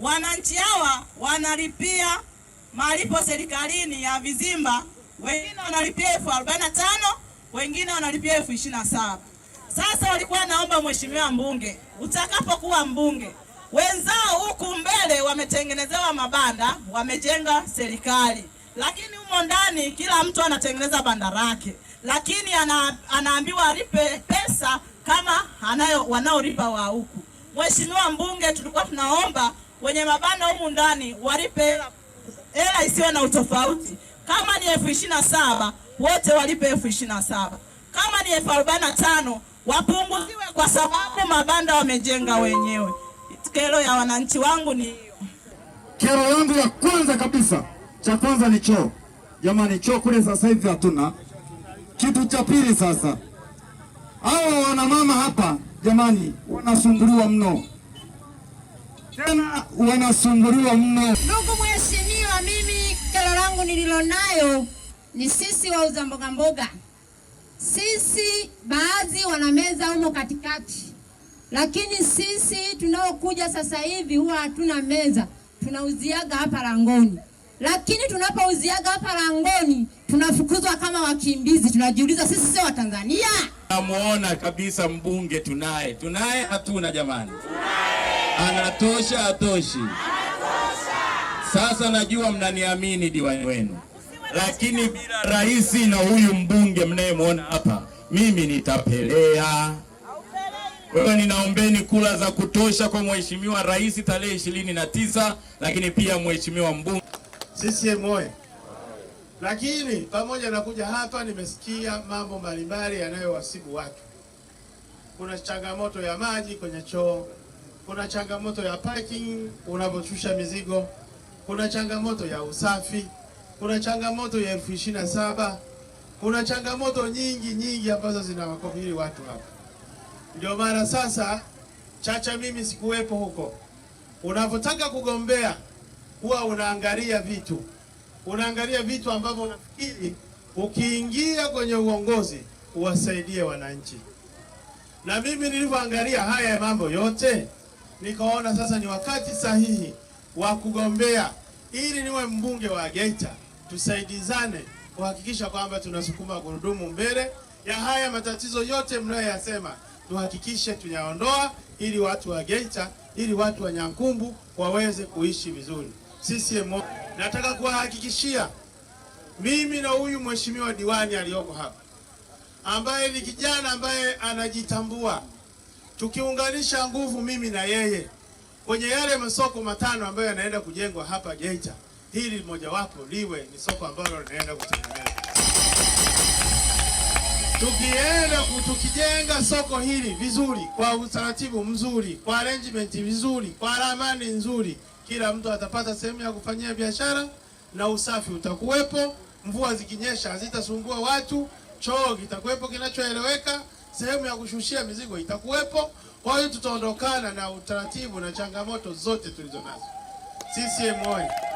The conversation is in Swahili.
Wananchi hawa wanalipia malipo serikalini ya vizimba, wengine wanalipia elfu arobaini na tano wengine wanalipia elfu ishirini na saba Sasa walikuwa naomba mheshimiwa mbunge, utakapokuwa mbunge, wenzao huku mbele wametengenezewa mabanda, wamejenga serikali, lakini humo ndani kila mtu anatengeneza banda lake, lakini ana, anaambiwa alipe pesa kama anayo wanaolipa wa huku. Mheshimiwa mbunge, tulikuwa tunaomba wenye mabanda humu ndani walipe hela isiwe na utofauti. Kama ni elfu ishirini na saba wote walipe elfu ishirini na saba Kama ni elfu arobaini na tano wapunguziwe, kwa sababu mabanda wamejenga wenyewe. Kero ya wananchi wangu ni Kero yangu ya kwanza kabisa, cha kwanza ni choo. Jamani, choo kule sasa hivi hatuna. Kitu cha pili sasa, hawa wanamama hapa, jamani, wanasumbuliwa mno tena wanasumbuliwa mno. Ndugu mheshimiwa, mimi kero langu nililonayo ni sisi wauza mbogamboga, sisi baadhi wanameza humo katikati, lakini sisi tunaokuja sasa hivi huwa hatuna meza, tunauziaga hapa langoni lakini tunapouziaga hapa langoni tunafukuzwa kama wakimbizi. Tunajiuliza, sisi sio Watanzania? Namuona kabisa mbunge tunaye, tunaye hatuna jamani. Anatosha, atoshi? Sasa najua mnaniamini diwani wenu, lakini bila rais na huyu mbunge mnayemwona hapa, mimi nitapelea. Kwa hiyo ninaombeni kula za kutosha kwa mheshimiwa rais tarehe ishirini na tisa, lakini pia mheshimiwa mbunge CCM oye. Lakini pamoja na kuja hapa, nimesikia mambo mbalimbali yanayowasibu watu. Kuna changamoto ya maji kwenye choo kuna changamoto ya parking unaposhusha mizigo, kuna changamoto ya usafi, kuna changamoto ya elfu ishirini na saba kuna changamoto nyingi nyingi ambazo zinawakabili watu hapa. Ndio mara sasa, Chacha mimi sikuwepo huko, unapotaka kugombea huwa unaangalia vitu, unaangalia vitu ambavyo unafikiri ukiingia kwenye uongozi uwasaidie wananchi, na mimi nilivyoangalia haya mambo yote nikaona sasa ni wakati sahihi wa kugombea ili niwe mbunge wa Geita. Tusaidizane kuhakikisha kwamba tunasukuma gurudumu mbele ya haya matatizo yote mnayoyasema, tuhakikishe tunayaondoa ili watu wa Geita, ili watu wa Nyankumbu waweze kuishi vizuri. CCM, nataka kuwahakikishia mimi na huyu mheshimiwa diwani aliyoko hapa ambaye ni kijana ambaye anajitambua tukiunganisha nguvu mimi na yeye kwenye yale masoko matano ambayo yanaenda kujengwa hapa Geita, hili mojawapo liwe ni soko ambalo linaenda kutengenezwa. Tukienda tukijenga soko hili vizuri, kwa utaratibu mzuri, kwa arrangement vizuri, kwa ramani nzuri, kila mtu atapata sehemu ya kufanyia biashara na usafi utakuwepo. Mvua zikinyesha hazitasumbua watu, choo kitakuwepo kinachoeleweka sehemu ya kushushia mizigo itakuwepo. Kwa hiyo tutaondokana na utaratibu na changamoto zote tulizo nazo. CCM oyee!